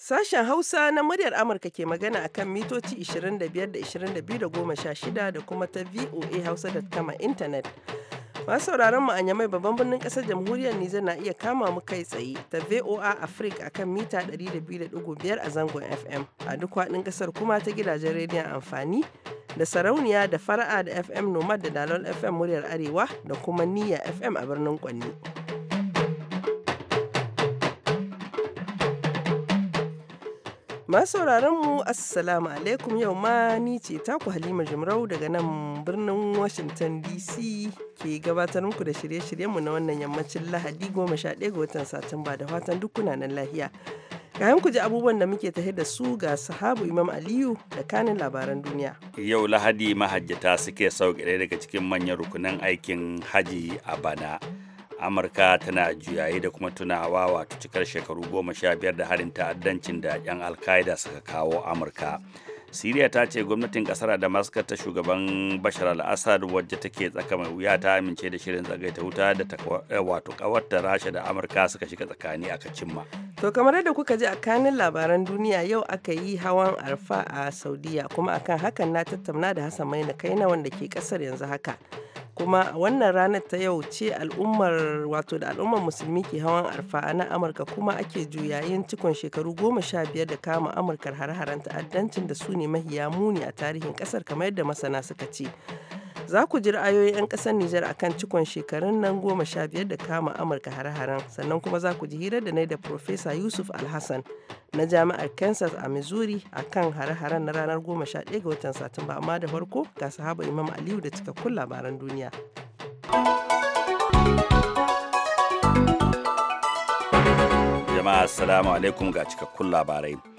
Sashen Hausa na muryar Amurka ke magana a kan mitoci 25 da 22 da da kuma ta VOA hausa da kama intanet. Masu sauraron mu a Nyamai babban birnin ƙasar jamhuriyar Nijar na iya kama mu kai tsaye ta VOA Africa a kan mita 200.5 a zangon FM a duk faɗin ƙasar kuma ta gidajen rediyon amfani da sarauniya da fara'a da fm nomad da dalol fm muryar arewa da kuma niyya fm a birnin kwanne masu mu assalamu alaikum yau ma ni ce taku halima jimrau daga nan birnin washington dc ke gabatar muku da shirye-shiryenmu na wannan yammacin lahadi 11 ga watan satumba da fatan duk nan lahiya Kayan ku ji abubuwan da muke tafe da su ga sahabu Imam Aliyu da kanin labaran duniya. Yau Lahadi mahajjata suke sauke ɗaya daga cikin manyan rukunan aikin haji a bana. Amurka tana juyayi da kuma tunawa wato cikar shekaru goma sha biyar da harin ta'addancin da 'yan Alkaida suka kawo Amurka. siriya ta ce gwamnatin kasar damascus ta shugaban bashar al-assad wadda take tsaka mai wuya ta amince da shirin zagaita wuta da eh, wato kawarta rasha da amurka suka shiga tsakani aka cimma to kamar yadda kuka ji a kanin labaran duniya yau aka yi hawan arfa a saudiya kuma akan hakan na tattauna da hassan maina kaina wanda ke kasar yanzu haka kuma a wannan ranar ta yau ce al'ummar wato da al'ummar musulmi ke hawan arfa na amurka kuma ake juyayin cikon shekaru goma sha biyar da kama amurkar har-haren ta'addancin da su ne mahiya muni a tarihin kasar kamar yadda masana suka ce Za ku ji ra'ayoyin 'yan ƙasar Nijar akan cikon shekarun nan goma sha biyar da kama Amurka har haren sannan kuma za ku ji hira da nai da Profesa Yusuf Alhassan na Jami'ar Kansas a Missouri akan har haren na ranar goma sha ɗaya ga watan Satumba amma da farko ga sahaba Imam Aliyu da cikakkun labaran duniya. Jama'a Assalamu alaikum ga cikakkun labarai.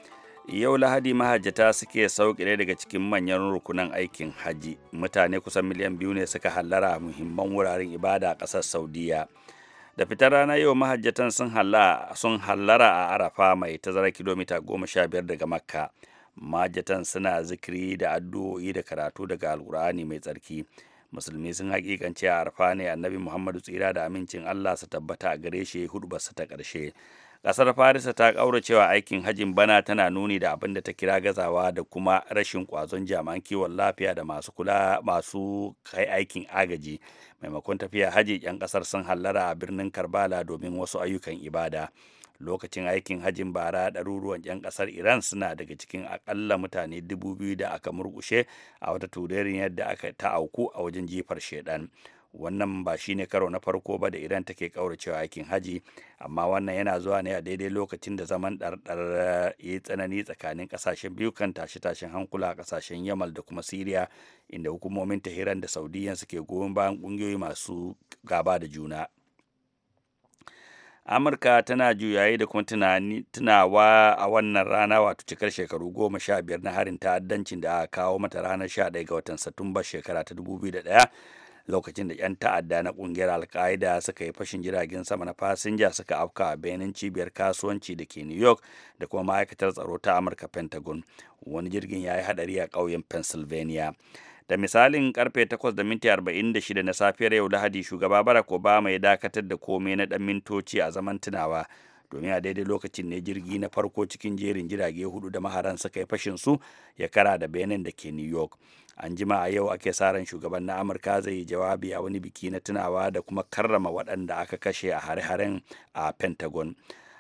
yau lahadi mahajjata suke sauƙi daga cikin manyan rukunan aikin hajji mutane kusan miliyan biyu ne suka hallara muhimman wuraren ibada a ƙasar saudiya da fitar rana yau mahajjatan sun hallara a arafa mai tazara kilomita goma sha biyar daga makka mahajjatan suna zikiri da addu'o'i da karatu daga alkur'ani mai tsarki musulmi sun hakikance a arafa ne annabi muhammadu tsira da amincin allah su tabbata a gare shi hudubarsa ta ƙarshe Ƙasar Farisa ta ƙaura cewa aikin hajin bana tana nuni da abin da ta kira gazawa da kuma rashin ƙwazon jami'an kiwon lafiya da masu kula masu kai aikin agaji. Maimakon tafiya haji 'yan ƙasar sun hallara a birnin Karbala domin wasu ayyukan ibada. lokacin aikin hajin bara ɗaruruwan 'yan ƙasar iran suna daga cikin aƙalla mutane dubu biyu da aka murkushe a wata turerin yadda aka ta auku a wajen jifar shaidan wannan ba shi ne karo na farko ba da iran take kauracewa aikin haji amma wannan yana zuwa ne a daidai lokacin da zaman ɗarɗar eh, ya tsanani tsakanin ƙasashen biyu kan tashe-tashen hankula a ƙasashen yamal da kuma siriya inda hukumomin ta hiran da saudiyan suke goyon bayan ƙungiyoyi masu gaba da juna amurka tana juyayi da kuma tunawa a wannan rana wato cikar shekaru goma sha biyar na harin ta'addancin da aka kawo mata ranar sha ɗaya ga watan satumba shekara ta dubu biyu da ɗaya lokacin da 'yan ta'adda na kungiyar alka'ida suka yi fashin jiragen sama na fasinja suka afka a benin cibiyar kasuwanci da ke new york da kuma ma'aikatar tsaro ta amurka pentagon wani jirgin ya yi hadari a ƙauyen pennsylvania da misalin karfe 8:46 na safiyar yau lahadi shugaba barack obama ya dakatar da komai na dan mintoci a zaman tunawa domin a daidai lokacin ne jirgi na farko cikin jerin jirage hudu da maharan suka yi fashin su ya kara da benin da ke new york an jima a yau ake sa ran shugaban na amurka zai yi jawabi a wani biki na tunawa da kuma karrama waɗanda aka kashe a hare-haren a pentagon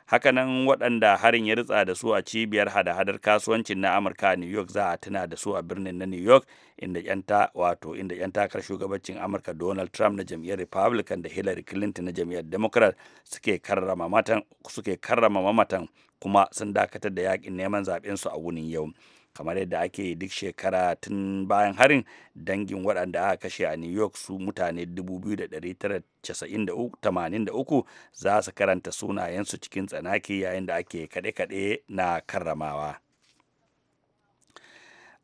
haka nan waɗanda harin ya ritsa da su a cibiyar hada-hadar kasuwancin na amurka a new york za a tuna da su a birnin na new york inda yanta wato inda yan takar shugabancin amurka donald trump na jam'iyyar republican da hillary clinton na jam'iyyar democrat suke karrama karrama mamatan kuma sun dakatar da yakin neman zaɓen su a wunin yau kamar yadda ake duk shekara tun bayan harin dangin waɗanda aka kashe a new york su mutane 2,983 za su karanta sunayensu cikin tsanaki yayin da ake kaɗe-kaɗe na karramawa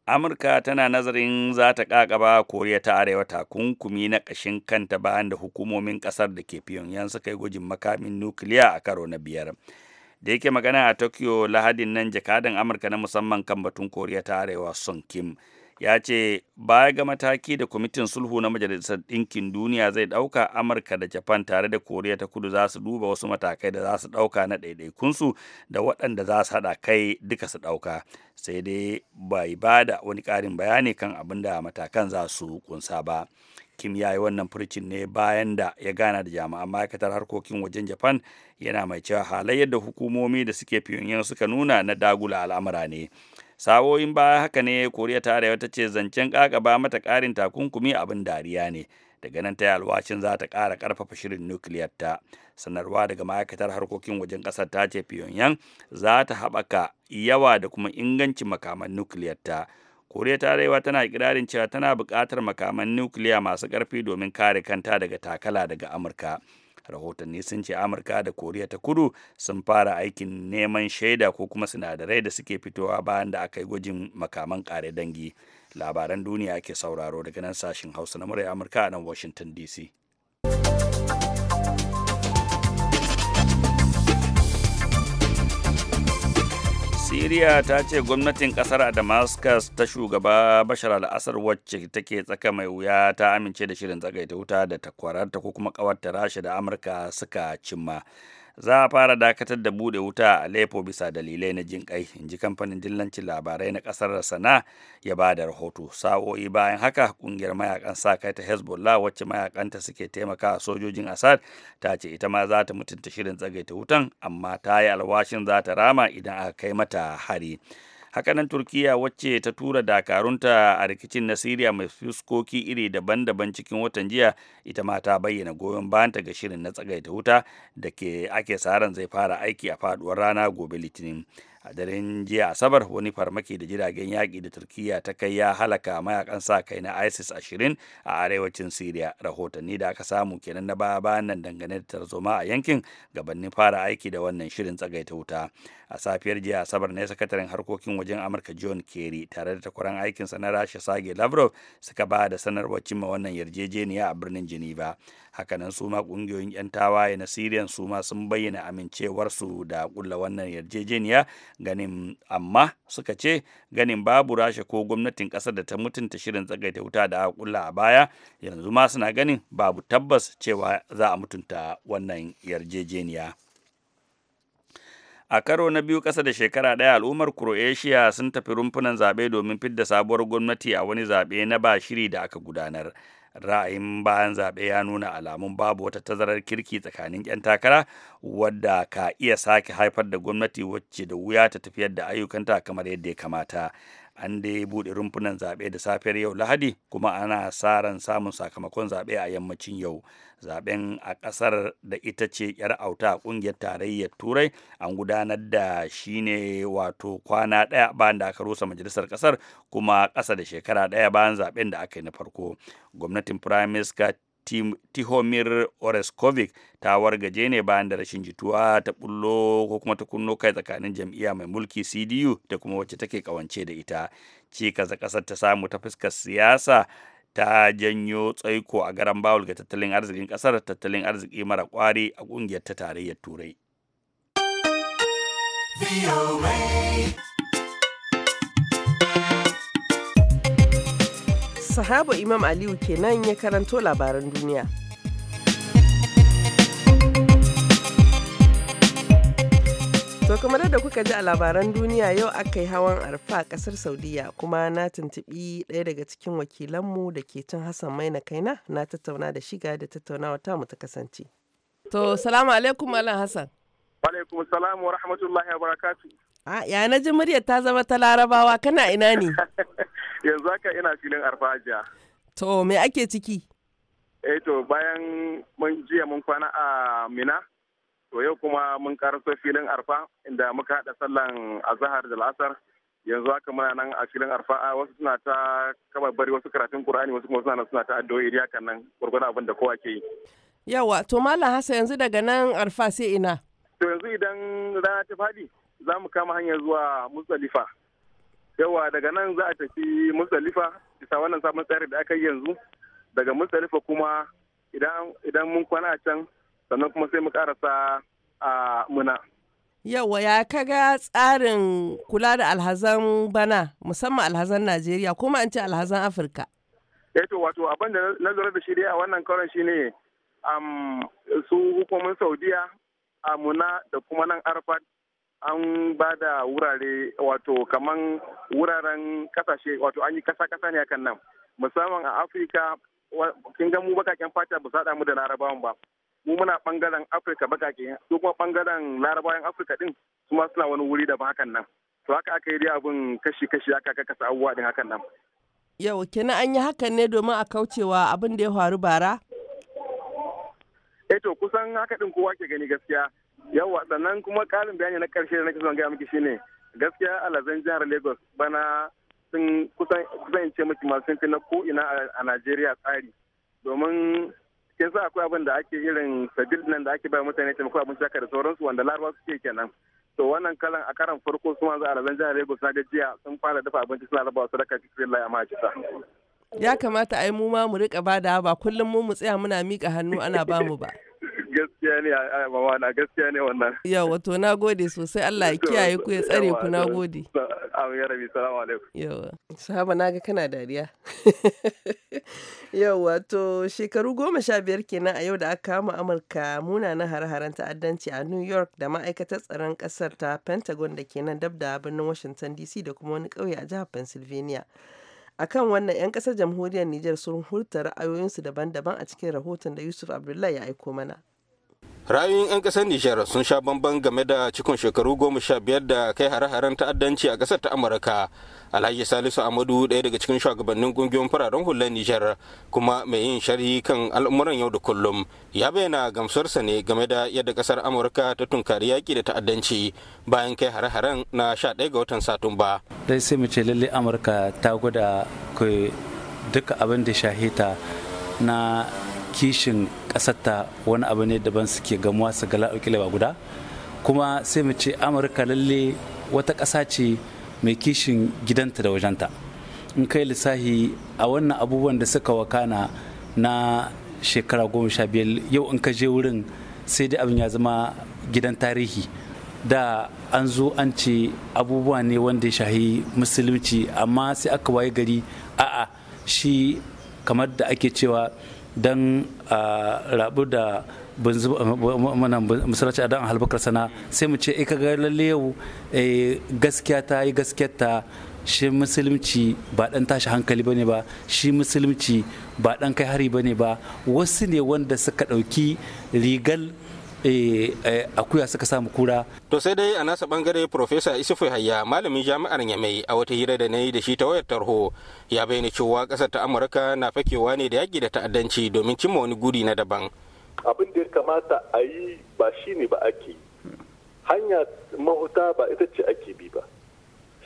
amurka tana nazarin za ta kakaba koriya ta arewa takunkumi na ƙashin kanta bayan da hukumomin ƙasar da ke pyongyang suka yi gwajin makamin nukiliya a karo na biyar da yake magana a tokyo lahadin nan jakadan amurka na musamman kan batun koriya ta arewa son kim ya ce baya ga mataki da kwamitin sulhu na majalisar ɗinkin duniya zai ɗauka amurka da japan tare da koriya ta kudu za su duba wasu matakai da za su ɗauka na ɗaiɗaikunsu da waɗanda za su haɗa kai duka su ɗauka sai dai bai ba da wani ƙarin bayani kan abin da matakan za su kunsa ba. kim ya yi wannan furcin ne bayan da ya gana da jami'an ma'aikatar harkokin wajen japan yana mai cewa halayyar da hukumomi da suke pyongyang suka nuna na dagula al'amura ne sawoyin baya haka ne koriya ta arewa ta ce zancen kakaba mata karin takunkumi abin dariya ne daga nan ta yi alwashin za ta kara karfafa shirin nukiliyar ta sanarwa daga ma'aikatar harkokin wajen ƙasar ta ce pyongyang za ta haɓaka yawa da kuma ingancin makaman nukiliyar ta koriya ta arewa tana ikirarin cewa tana buƙatar makaman nukiliya masu ƙarfi domin kare kanta daga takala daga amurka rahotanni sun ce amurka da koriya ta kudu sun fara aikin neman shaida ko kuma sinadarai da suke fitowa bayan da aka yi gwajin makaman kare dangi labaran duniya ke sauraro daga nan sashen hausa na murai amurka a nan washington dc Siriya ta ce gwamnatin kasar Damascus ta shugaba Bashar al-Assad wacce take tsaka mai wuya ta amince da shirin tsagaita wuta da takwararta ko kuma kawarta Rasha da Amurka suka cimma. za a fara dakatar da bude wuta a Aleppo bisa dalilai na jin kai in ji kamfanin dillancin labarai na ƙasar sana ya ba da rahoto sa'o'i bayan haka ƙungiyar mayakan sa kai ta Hezbollah wacce mayakanta suke taimaka a sojojin Assad ta ce ita ma za ta mutunta shirin tsagaita wutan amma ta yi alwashin za ta rama idan aka kai mata hari. hakanan turkiya wacce ta tura dakarunta a rikicin na siriya mai fuskoki iri daban-daban cikin watan jiya ita ma ta bayyana goyon bayanta ga shirin na tsagaita wuta da ke ake saran zai fara aiki a faduwar rana gobe litinin a daren jiya asabar wani farmaki da jiragen yaƙi da turkiya ta kai ya halaka mayakan sa kai na isis ashirin a arewacin siriya rahotanni da aka samu kenan na baya bayan nan dangane da tarzoma a yankin gabanin fara aiki da wannan shirin tsagaita wuta a safiyar jiya asabar ne sakataren harkokin wajen amurka john kerry tare da takwaran aikinsa na rasha sage lavrov suka ba da sanarwar cimma wannan yarjejeniya a birnin geneva hakanan suma kungiyoyin yan tawaye na syrian suma sun bayyana amincewarsu da kulla wannan yarjejeniya ganin amma suka ce ganin babu rasha ko gwamnatin kasar da ta mutunta shirin tsagaita wuta da aka kulla a baya yanzu ma suna ganin babu tabbas cewa za a mutunta wannan yarjejeniya. a karo na biyu ƙasa da shekara ɗaya al'ummar croatia sun tafi rumfunan zaɓe domin fidda sabuwar gwamnati a wani zaɓe na ba shiri da aka gudanar ra'ayin bayan zaɓe ya nuna alamun babu wata tazarar kirki tsakanin 'yan takara wadda ka iya sake haifar da gwamnati wacce da wuya ta tafiyar da ayyukanta kamar yadda ya kamata an dai buɗe rumfunan zaɓe da safiyar yau lahadi kuma ana sa ran samun sakamakon zaɓe a yammacin yau zaɓen a ƙasar da ita ce yar auta a ƙungiyar tarayyar turai an gudanar da shi ne wato kwana ɗaya bayan da aka rusa majalisar ƙasar kuma ƙasa da shekara ɗaya bayan zaɓen da aka yi na farko gwamnatin prime minister tihomir oreskovic ta wargaje ne bayan da rashin jituwa ta bullo ko kuma ta kunno kai tsakanin jam'iyya mai mulki cdu da kuma wacce take kawance da ita cikas kasar ta samu ta fuskar siyasa ta janyo tsaiko a garan bawul ga tattalin arzikin kasar tattalin arziki mara kwari a ƙungiyar ta tarayyar turai Sahaba Imam Aliyu kenan ya karanto labaran duniya. To kamar da kuka ji a labaran duniya yau aka yi hawan arfa a kasar Saudiya kuma na tuntubi ɗaya daga cikin wakilanmu da ke cin Hassan Maina Kaina na tattauna da shiga da tattaunawa ta mu ta kasance. To salamu alaikum Malam Hassan. Wa alaikum salam wa rahmatullahi wa barakatuh. A ya na ji muryar ta zama ta larabawa kana ina ne? yanzu haka ina filin arfajiya to me ake ciki eh to bayan mun jiya mun kwana a mina to yau kuma mun karanta filin arfa inda muka haɗa sallan azahar da la'asar yanzu haka muna nan a filin arfa a wasu suna ta kama bari wasu karatun kur'ani wasu kuma suna nan suna ta addu'o'i da kan nan gurgurdan abin da kowa ke yi yawa to malam hasa yanzu daga nan arfa sai ina to yanzu idan rana ta faɗi za mu kama hanyar zuwa Musalifa. yawa daga nan za a tafi musdalifa bisa wannan sabon tsari da aka yi yanzu daga musdalifa kuma idan mun kwana a can sannan kuma sai mu karasa a muna yawa ya kaga tsarin kula da alhazan bana musamman alhazan najeriya kuma an ce alhazan afirka eh to wato abin da na lura da shi dai a wannan karon shine ne su hukumin saudiya a muna da kuma nan arfat an ba da wurare wato kaman wuraren kasashe wato an yi kasa-kasa ne akan nan musamman a afirka kin ga mu bakaken fata ba sada mu da larabawan ba mu muna bangaren afirka bakake su kuma bangaren larabawan afirka din su ma suna wani wuri da ba hakan nan to haka aka yi dai abin kashi-kashi aka aka kasa abubuwa din hakan nan yau kenan an yi hakan ne domin a kaucewa abin da ya faru bara eh to kusan haka din kowa ke gani gaskiya yawa sannan kuma ƙarin bayani na karshe da nake son gaya miki shine gaskiya alazan jihar lagos bana sun kusan ce miki masu fi na ko ina a najeriya tsari domin kin sa akwai abin da ake irin sabil nan da ake bayar mutane taimako abinci shaka da sauransu wanda su suke kenan to wannan kalan a karan farko su ma a razan jihar lagos na gajiya sun fara dafa abinci suna rabawa sadaka fitrillahi amma a ya kamata ai mu ma mu rika bada ba kullum mu mu tsaya muna mika hannu ana ba mu ba gaskiya ne gaskiya ne wannan to na gode sosai Allah ya kiyaye ku ya tsare ku na gode amin ya rabi salamu alaikum yawa sahaba ga kana dariya yau to shekaru goma sha biyar kenan a yau da aka kama amurka munanan hare-haren ta'addanci a new york da ma'aikatar tsaron kasar ta pentagon da kenan dab da birnin washington dc da kuma wani ƙauye a jihar pennsylvania a kan wannan 'yan kasar jamhuriyar Nijar sun hurta ra'ayoyinsu daban-daban a cikin rahoton da Yusuf Abdullahi ya aiko mana. ra'ayoyin 'yan kasar nijar sun sha bamban game da cikin shekaru goma sha biyar da kai hare-haren ta'addanci a kasar ta amurka alhaji salisu amadu ɗaya daga cikin shugabannin ƙungiyoyin fararen hular nijar kuma mai yin sharhi kan al'umuran yau da kullum ya bayyana gamsarsa ne game da yadda kasar amurka ta tunkari yaƙi da ta'addanci bayan kai hare-haren na sha ɗaya ga watan satumba dai sai mu ce lalle amurka ta gwada duka abin da shahita na kishin ƙasarta wani abu ne daban suke gamuwa su gala ba guda kuma sai mu ce amurka lalle wata ƙasa ce mai kishin gidanta da wajenta in kai lissahi a wannan abubuwan da suka wakana na shekara goma sha biyar yau in ka je wurin sai dai abin ya zama gidan tarihi da an zo an ce abubuwa ne wanda ya shahi musulunci amma sai aka waye gari a'a shi kamar da ake cewa don ah, rabu da ah, masarauci adan halbukar sana sai mu ce eh, ka ga lalle yau eh, gaskiya ta yi gaskiya ta shi musulunci ba dan tashi hankali bane ba shi musulunci ba dan kai hari bane ba wasu ne wanda suka ɗauki rigal Eh, eh, akuya suka samu kura. To sai dai a nasa bangare Profesa Isufu Hayya malamin jami'ar Nyamai a wata hira da na yi da shi ta wayar tarho ya bayyana cewa ƙasar ta Amurka na fakewa ne da yaƙi da ta'addanci domin cimma wani guri na daban. Abin da ya kamata a yi ba shi ne ba ake hanya mahuta ba ita ce ake bi ba.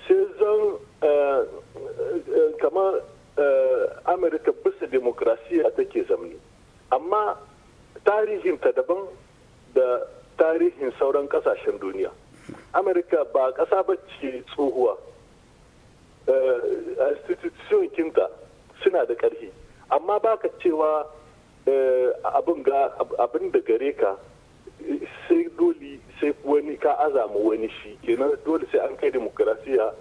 Sai zan eh, kamar Amurka bisa demokrasiya take zamani. Amma tarihinta daban da tarihin sauran kasashen duniya amurka ba ƙasa ba ce tsohuwa eh, institution kinta suna da ƙarfi amma ba ka cewa eh, abin da gare ka sai dole sai wani ka azama wani shi kenan dole sai an kai demokrasiya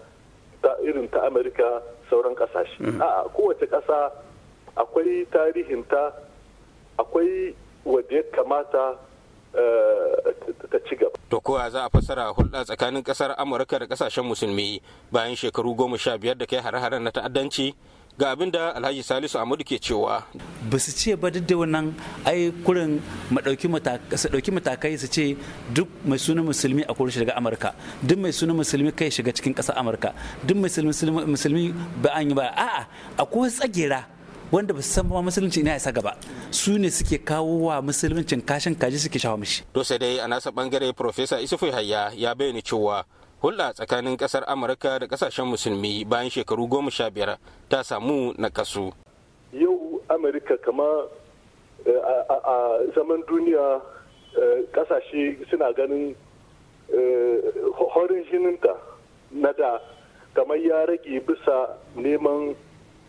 ta irin ta amurka sauran kasashe mm-hmm. a kowace ƙasa akwai tarihinta akwai wadda ya kamata ta ci gaba. To koya za a fassara hulɗa tsakanin ƙasar Amurka da ƙasashen musulmi bayan shekaru goma sha biyar da kai hare-haren na ta'addanci ga abin da alhaji salisu amadu ke cewa ba su ce ba duk da wannan ai kurin su ɗauki matakai su ce duk mai suna musulmi a kurin shiga amurka duk mai suna musulmi kai shiga cikin ƙasar amurka duk mai musulmi ba an yi ba a'a akwai tsagera wanda ba su san ba musulunci ina isa gaba su ne suke kawo wa musuluncin kashin kaji suke shawo mishi to sai dai a nasa bangare professor isufu hayya ya bayyana cewa hulɗa tsakanin ƙasar amurka da ƙasashen musulmi bayan shekaru goma sha biyar ta samu na kasu yau amurka kama eh, a zaman duniya eh, ƙasashe suna ganin eh, horin jininta na da kamar ya rage bisa neman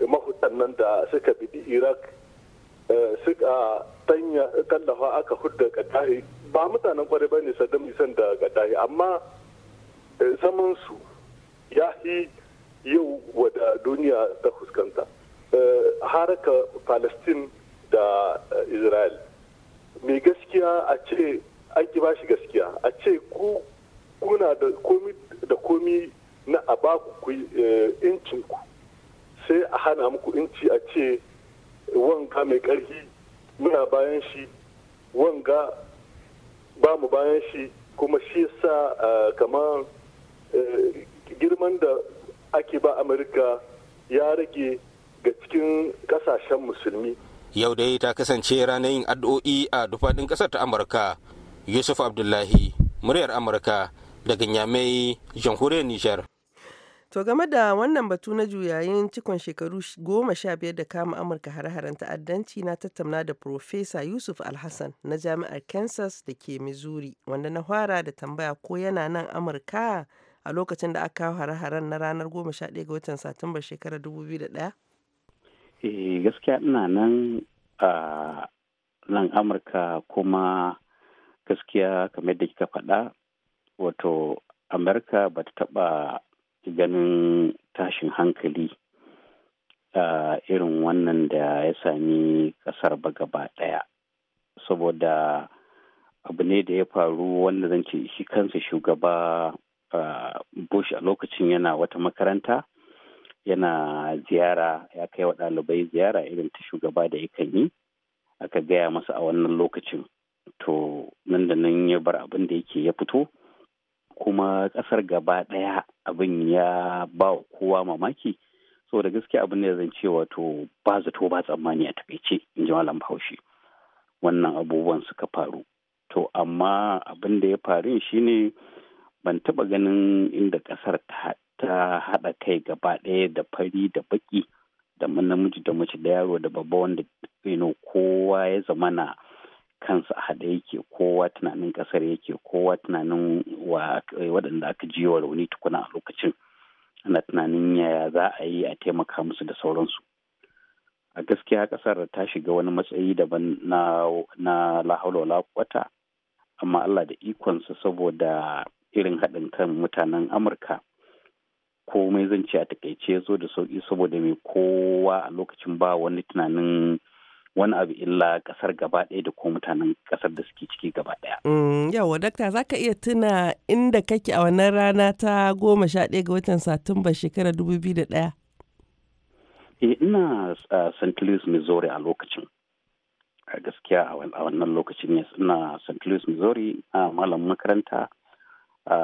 mahutan da suka bidi iraq eh, suka tanya tallafa aka hudda gaddafi ba mutanen kwarai ba ne saddam isan da gaddafi amma eh, zaman su ya fi yau wada duniya ta fuskanta eh, haraka palestine da israel mai gaskiya a ce an ki bashi gaskiya a ce ku kuna da komi da komi na abaku ku incinku sai a hana muku inci a ce wanka mai ƙarfi muna bayan shi wanga ba mu bayan shi kuma shi sa kamar e, girman da ake ba amurka ya rage ga cikin kasashen musulmi yau dai ta kasance ranar yin addu'o'i a dufaɗin ƙasar ta amurka yusuf abdullahi muryar amurka daga nyamai jamhuriyar nijar To game da wannan batu na juyayin cikon shekaru goma sha biyar da kama Amurka har haren ta'addanci na tattauna da Profesa Yusuf Alhassan na Jami'ar Kansas da ke Missouri, wanda na fara da tambaya ko yana nan Amurka a lokacin da aka kawo har haren na ranar goma sha ɗaya ga watan Satumbar shekarar dubu biyu da ɗaya? Eh gaskiya ina nan a nan Amurka kuma gaskiya kamar da kika faɗa wato Amurka ba ta taɓa ganin tashin hankali irin wannan da ya sami kasar ba gaba ɗaya saboda abu ne da ya faru wanda zan ce shi kansa shugaba bush a lokacin yana wata makaranta yana ziyara ya kai wa ɗalibai ziyara irin ta shugaba da ya kan yi aka gaya masa a wannan lokacin to nan da nan ya bar abin da yake ya fito kuma kasar gaba daya abin ya ba kowa mamaki so da gaske abin da zan ce wato ba zato ba tsammani a takaice in ji malam bahaushe wannan abubuwan suka faru to amma abin da ya faru shine ban taba ganin inda kasar ta haɗa kai gaba ɗaya da fari da baki da namiji da mace da yaro da babba wanda kowa ya zamana kansa a haɗe yake kowa tunanin ƙasar yake kowa tunanin eh, waɗanda aka ji wa rauni tukuna a lokacin ana tunanin yaya za a yi a taimaka musu da sauransu a gaskiya ƙasar ta shiga wani matsayi daban na na lahaula wata amma Allah da ikonsa saboda irin haɗin kan mutanen Amurka komai zan ce a takaice ya zo da sauƙi saboda mai kowa a lokacin ba wani tunanin wani abu illa kasar gaba ɗaya da ko mutanen kasar da suke ciki gaba ɗaya. Mm, yawa dakta za ka iya tuna inda kake a wannan rana ta goma sha ɗaya ga watan satumba shekara dubu biyu da ɗaya. e ina st louis missouri a lokacin a gaskiya a wannan lokacin ne ina st louis missouri a malam makaranta a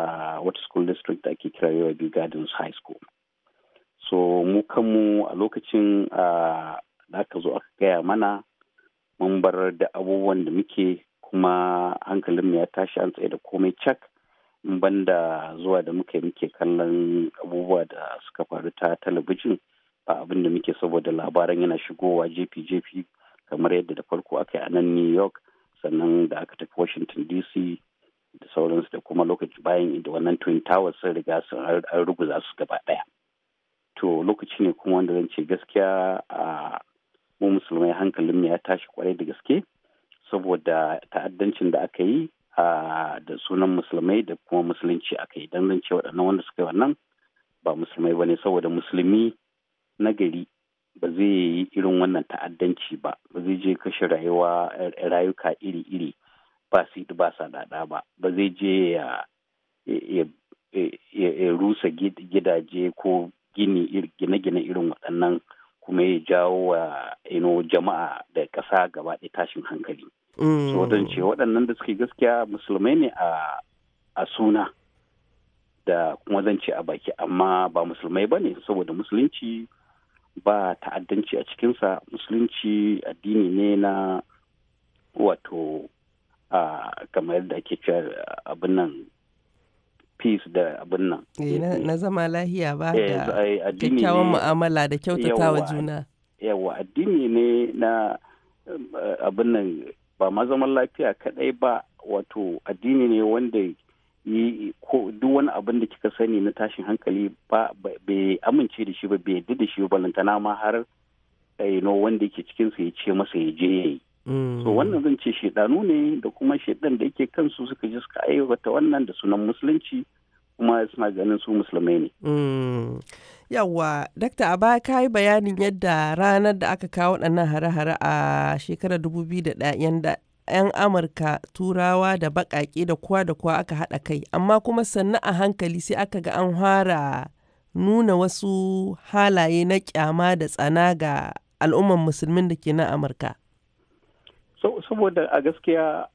wata school district da ake kira yau gardens high school so mu kanmu a lokacin da aka zo aka gaya mana mun bar da abubuwan da muke kuma hankalinmu ya tashi an tsaye da komai cak in banda zuwa da muke muke kallon abubuwa da suka faru ta talabijin ba abin da muke saboda labaran yana shigowa jefi-jefi kamar yadda da farko aka yi a nan new york sannan da aka tafi washington dc da sauransu da kuma lokaci bayan da wannan twin towers sun riga sun an ruguza su gaba daya to lokaci ne kuma wanda zan ce gaskiya a mu musulmai mu ya tashi kwarai da gaske saboda ta'addancin da aka yi da sunan musulmai da kuma musulunci aka yi don ce waɗannan wanda suka yi wannan ba musulmai ba ne saboda musulmi nagari gari ba zai yi irin wannan ta'addanci ba ba zai je kashe rayuwa rayuka iri-iri ba su yi ba sa dada ba ba zai je ya rusa gidaje ko gine-gine irin waɗannan kuma ya jawo wa ino jama'a da ƙasa gaba ɗaya tashin hankali. So mm. ce waɗannan da suke gaskiya musulmai ne a suna da kuma zan ce a baki amma ba musulmai ba ne saboda musulunci ba ta'addanci a cikinsa musulunci addini ne na wato kamar yadda ake cewa abin nan peace da abin nan eh, na zama lahiya ba eh, da eh, kyakkyawan mu'amala da kyautata wa juna yawa addini ne na abin nan ba ma zaman lafiya kadai ba wato addini ne wanda yi ko duk wani abin da kika sani na tashin hankali ba bai amince da shi ba bai yadda da shi ba lantana ma har no wanda yake cikin sa ya ce masa ya je yayi so mm. wannan zan ce shedanu ne da kuma shedan da yake kansu suka ji suka aiwata wannan da sunan musulunci kuma suna ganin su musulmai ne mm. yawwa dakta a baya ka yi bayanin yadda ranar da aka kawo waɗannan hare-hare a shekarar 2001 yadda 'yan amurka turawa da baƙaƙe da kowa da kowa aka haɗa kai amma kuma sannu a hankali sai aka ga an fara nuna wasu halaye na kyama da tsana ga al'umman musulmin da ke nan amurka saboda a gaskiya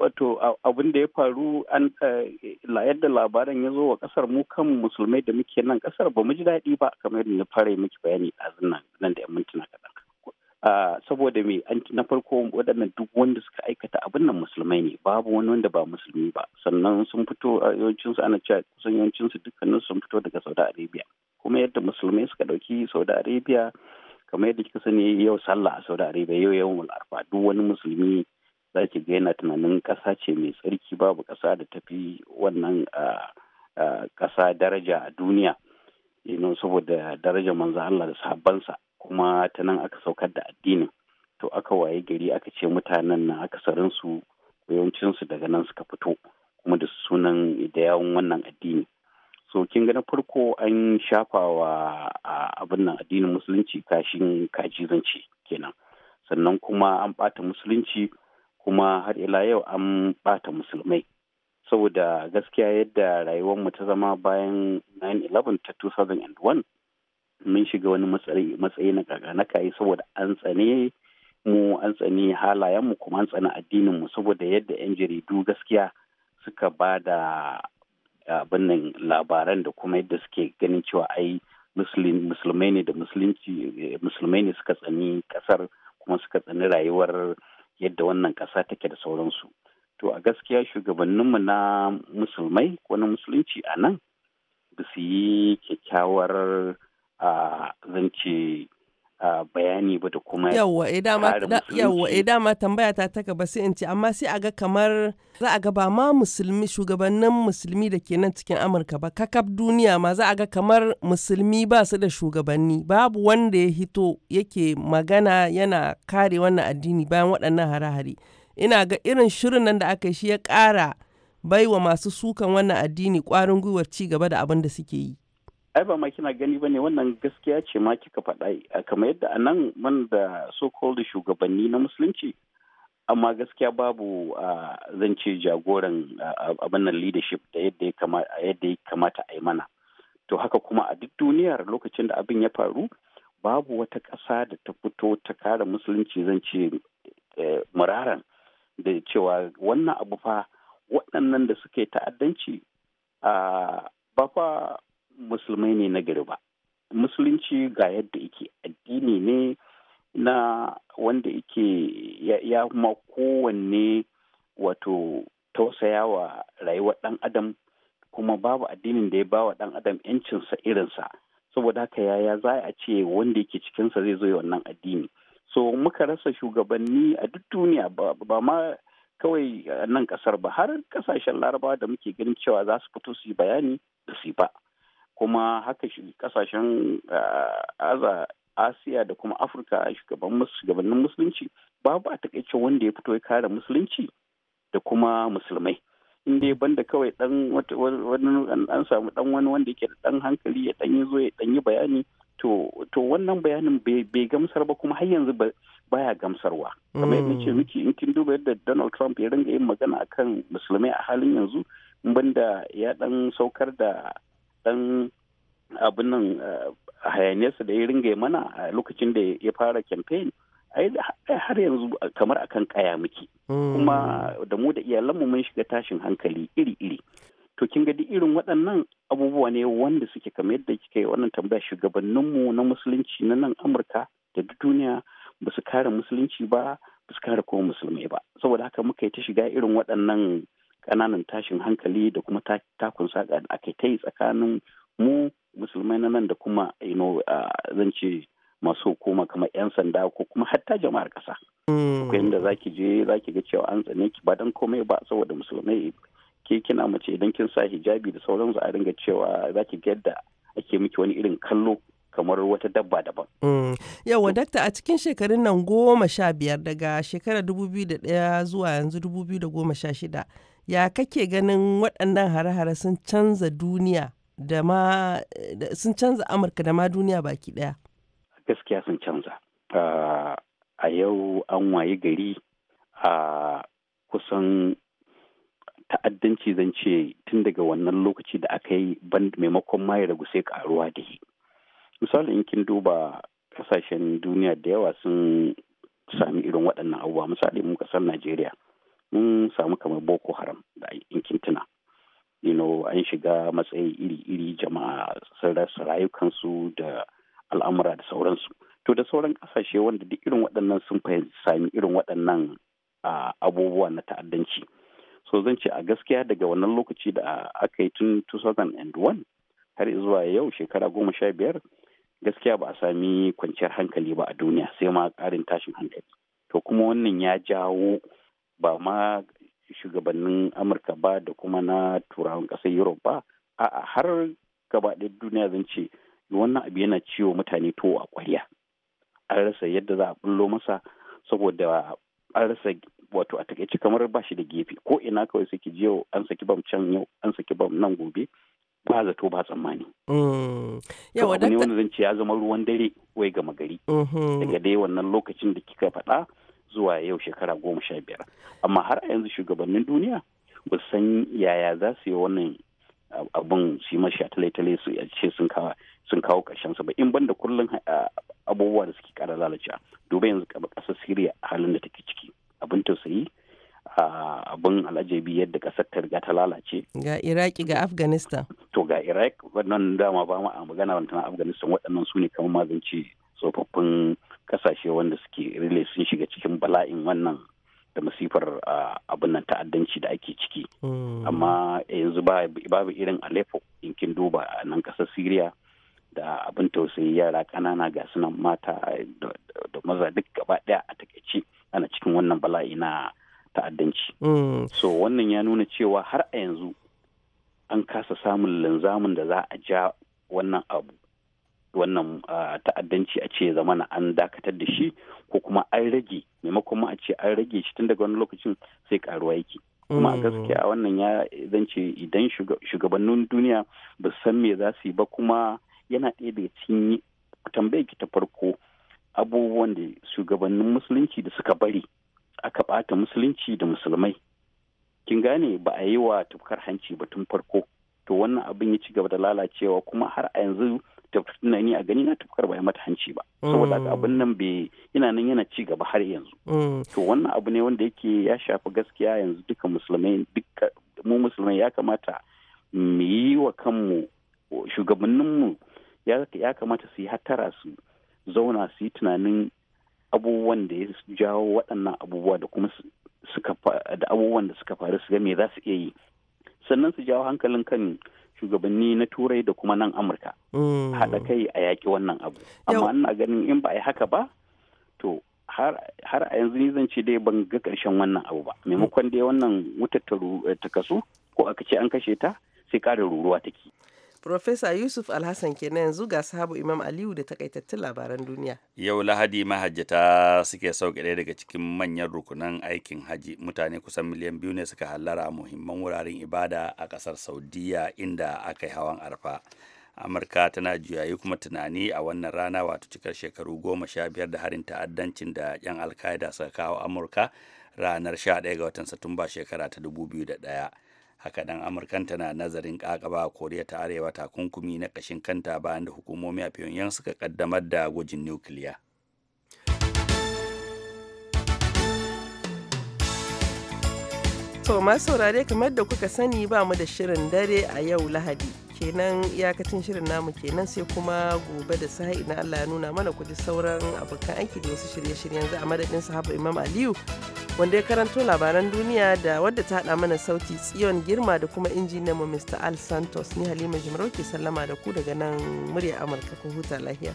wato abin da ya faru an yadda labaran ya zo wa kasar mu kan musulmai da muke nan kasar ba mu ji daɗi ba kamar yadda na fara miki bayani a nan da mintuna kaɗan saboda me na farko waɗannan duk wanda suka aikata abin nan musulmai ne babu wani wanda ba musulmi ba sannan sun fito yawancinsu ana cewa kusan su dukkanin sun fito daga saudi arabia kuma yadda musulmai suka ɗauki saudi arabia kamar yadda kika sani yau sallah a saudi arabia yau yawan arfa duk wani musulmi za ki ga yana tunanin ƙasa ce mai tsarki babu ƙasa da tafi wannan ƙasa daraja a duniya ino saboda darajar manzo Allah da sahabbansa kuma ta nan aka saukar da addinin to aka waye gari aka ce mutanen nan akasarinsu yawancinsu daga nan suka fito kuma da sunan da yawon wannan addini so kin ga na farko an shafawa abin nan addinin musulunci kashin kajizanci kenan sannan kuma an bata musulunci kuma har ila yau an bata musulmai saboda gaskiya yadda rayuwarmu ta zama bayan 9-11 ta 2001 mun shiga wani matsayi na kaka na kayi saboda an tsane mu an tsani halayenmu kuma an tsani mu saboda yadda 'yan jaridu gaskiya suka ba da abin nan labaran da kuma yadda suke ganin cewa ai musulmai ne da Musulunci eh, musulmai ne suka tsani kasar kuma suka tsani rayuwar yadda wannan kasa take da sauransu to a gaskiya shugabanninmu na musulmai ko na musulunci a nan ba su yi kyakkyawar ah, zance bayani ba da kuma yawwa idan ma tambaya ta ta gaba sai in ce amma sai a ga kamar za a ga ba ma musulmi shugabannin musulmi da ke nan cikin amurka ba kakab duniya ma za a ga kamar musulmi ba su da shugabanni babu wanda ya hito yake magana yana kare wannan addini bayan waɗannan hare-hare ina ga irin shirin nan da aka yi shi ya ƙara baiwa masu sukan wannan addini ƙwarin gwiwar ci gaba da abin da suke yi ai ba ma kina gani ba ne wannan gaskiya ce ma kika faɗa kamar yadda a nan man da so called shugabanni na musulunci amma gaskiya babu zan zance jagoran abin nan leadership da yadda ya kamata a yi mana to haka kuma a duk duniyar lokacin da abin ya faru babu wata ƙasa da ta fito ta kare musulunci zance e, muraran da cewa wannan abu fa waɗannan da suka yi ta'addanci ba fa musulmai ne na gari ba musulunci ga yadda yake addini ne na wanda yake ya kuma kowanne wato tausaya wa rayuwar ɗan adam kuma babu addinin da ya ba wa ɗan adam yancinsa irinsa saboda haka yaya za a ce wanda yake cikinsa zai zo wannan addini so muka rasa shugabanni a duk duniya ba ma kawai nan kasar ba har kasashen larabawa da muke ganin cewa za su fito su yi bayani da su ba kuma haka kasashen eh, aza asiya da kuma afirka shugabannin musulunci babu a takaice wanda ya fito ya kare musulunci da kuma musulmai in ya banda kawai dan wani an samu dan wani wanda yake da dan hankali ya dan zo ya yi bayani to wannan bayanin bai gamsar ba kuma har yanzu baya gamsarwa kamar yadda ce mm. miki in kin duba yadda Donald Trump ya ringa yin magana akan musulmai a halin yanzu banda ya dan saukar da dan abin nan eh, hayaniyarsa da ya ringa mana a lokacin da ya fara campaign ai har yanzu kamar akan kaya muke hmm. kuma da mu da iyalanmu mun shiga tashin hankali iri-iri to kin ga irin waɗannan abubuwa ne wanda suke kamar yadda kika yi wannan tambaya shugabanninmu na musulunci na nan amurka da duniya ba su kare musulunci ba ba su kare kuma musulmai ba saboda haka muka yi ta shiga irin waɗannan ƙananan tashin hankali da kuma takun saka da aka ta yi tsakanin mu musulmai na nan da kuma zan ce masu hukuma kamar 'yan sanda ko kuma hatta jama'ar ƙasa. Akwai hmm. inda za ki je za ki ga cewa an tsane ki ba don komai ba saboda musulmai ke kina mace idan kin sa hijabi da sauransu a ringa cewa za ki ga yadda ake miki wani irin kallo kamar wata dabba daban. Hmm. Yawa dakta a cikin shekarun nan goma sha biyar daga shekarar ɗaya zuwa yanzu dubu biyu da goma sha shida. Ya kake ganin waɗannan hare-hare sun canza duniya da ma sun canza Amurka da ma duniya baki ɗaya? Gaskiya sun canza. Ah, a yau an waye gari a ah, kusan ta'addanci zan ce tun daga wannan lokaci da aka yi maimakon maye da ragu sai karuwa da yi misali in kin duba kasashen duniya da yawa sun sami irin waɗannan abubuwa misali mun kasar najeriya mun samu kamar boko haram da in kintuna you know an shiga matsayi iri-iri jama'a sun rasa rayukansu da al'amura da sauransu to da sauran kasashe wanda duk irin waɗannan sun fahimci sami irin waɗannan abubuwa na ta'addanci so zan ce a gaskiya daga wannan lokaci da aka yi tun 2001 har zuwa yau shekara goma sha biyar gaskiya ba a sami kwanciyar hankali ba a duniya sai ma ƙarin tashin hankali to kuma wannan ya jawo ba ma shugabannin amurka ba da kuma na turawan ƙasar europe ba a har gaba ɗaya duniya zan ce wannan abu yana ciwo mutane to a ƙwarya an rasa yadda za a bullo masa saboda an rasa wato a takaice kamar ba shi da gefe ko ina kawai saki jiyo an saki bam can yau an saki bam nan gobe ba zato ba tsammani. Mm. Yawa ne wanda zan ce ya zama ruwan dare wai gama gari. Mm-hmm. Daga dai wannan lokacin da kika faɗa zuwa yau shekara goma sha biyar amma har a yanzu shugabannin duniya ba san yaya za su yi wannan abin su yi mashi tale-tale su ce sun kawo ƙarshen sa ba in banda kullum abubuwa da suke ƙara lalacewa duba yanzu ƙasar siriya halin da take ciki abin tausayi abin alajabi yadda ƙasar ta riga ta lalace ga iraki ga afghanistan to ga iraq wannan dama ba ma a magana wannan afghanistan waɗannan su ne kamar magance. tsofaffin kasashe wanda suke rile sun shiga cikin bala'in wannan da masifar abin nan ta'addanci da ake ciki mm. amma yanzu babu irin aleppo in duba a nan kasar syria da abin tausayi yara kanana ga sunan mata da maza duk gaba ɗaya a takaice ana cikin wannan bala'i na ta'addanci mm. so wannan ya nuna cewa har a yanzu an kasa samun linzamin da za a ja wannan abu wannan ta'addanci a ce zama na an dakatar da shi ko kuma an rage maimakon ma a ce an rage shi tun daga wani lokacin sai karuwa yake kuma a mm. gaskiya wannan ya zance idan shugabannin duniya ba san me za su yi ba kuma yana ɗaya daga cikin tambayar ki ta farko abubuwan da shugabannin musulunci da suka bari aka ɓata musulunci da musulmai kin gane ba a yi wa tufkar hanci ba tun farko to wannan abin ya ci gaba da lalacewa kuma har a yanzu tiktok na a gani na tafkar bai mata hanci ba saboda mm. abin nan bai ina nan yana ci gaba har yanzu mm. to wannan abu ne wanda yake ya shafi gaskiya yanzu duka musulmai duka mu musulmai ya kamata mu yi wa kanmu shugabanninmu ya kamata su yi hattara su zauna su yi tunanin abubuwan da ya jawo waɗannan abubuwa da kuma suka da abubuwan da suka faru su ga me za su iya yi sannan su jawo hankalin kan shugabanni na turai da kuma nan amurka mm. haɗa kai a yaƙi wannan abu amma ina ganin in ba a yi haka ba to har a yanzu ni zan ce dai ban ga ƙarshen wannan abu ba maimakon dai wannan wutar ta kasu ko aka ce an kashe ta sai ƙara ruruwa take Profesa Yusuf Alhassan kenan yanzu ga sahabu Imam Aliyu da takaitattun labaran duniya. Yau Lahadi mahajjata suke sauke ɗaya daga cikin manyan rukunan aikin haji mutane kusan miliyan biyu ne suka hallara muhimman wuraren ibada a ƙasar Saudiya inda aka yi hawan arfa. Amurka tana juyayi kuma tunani a wannan rana wato cikar shekaru goma sha biyar da harin ta'addancin da 'yan alkaida suka kawo Amurka ranar sha ɗaya ga watan Satumba shekara ta ɗaya haka dan amurkan tana nazarin kakaba koriya ta arewa takunkumi na kashin kanta bayan da hukumomi a pyongyang suka kaddamar da gwajin nukiliya to masu saurare kamar da kuka sani ba mu da shirin dare a yau lahadi kenan iyakacin shirin namu kenan sai kuma gobe da sahi na Allah ya nuna mana ku ji sauran abokan aiki da wasu shirye-shiryen za a madadin sahaba Imam Aliyu wanda ya karanto labaran duniya da wadda ta haɗa mana sauti tsiyon girma da kuma injiniyan mu Mr. Al Santos ni Halima Jimarau ke sallama da ku daga nan murya Amurka ku huta lafiya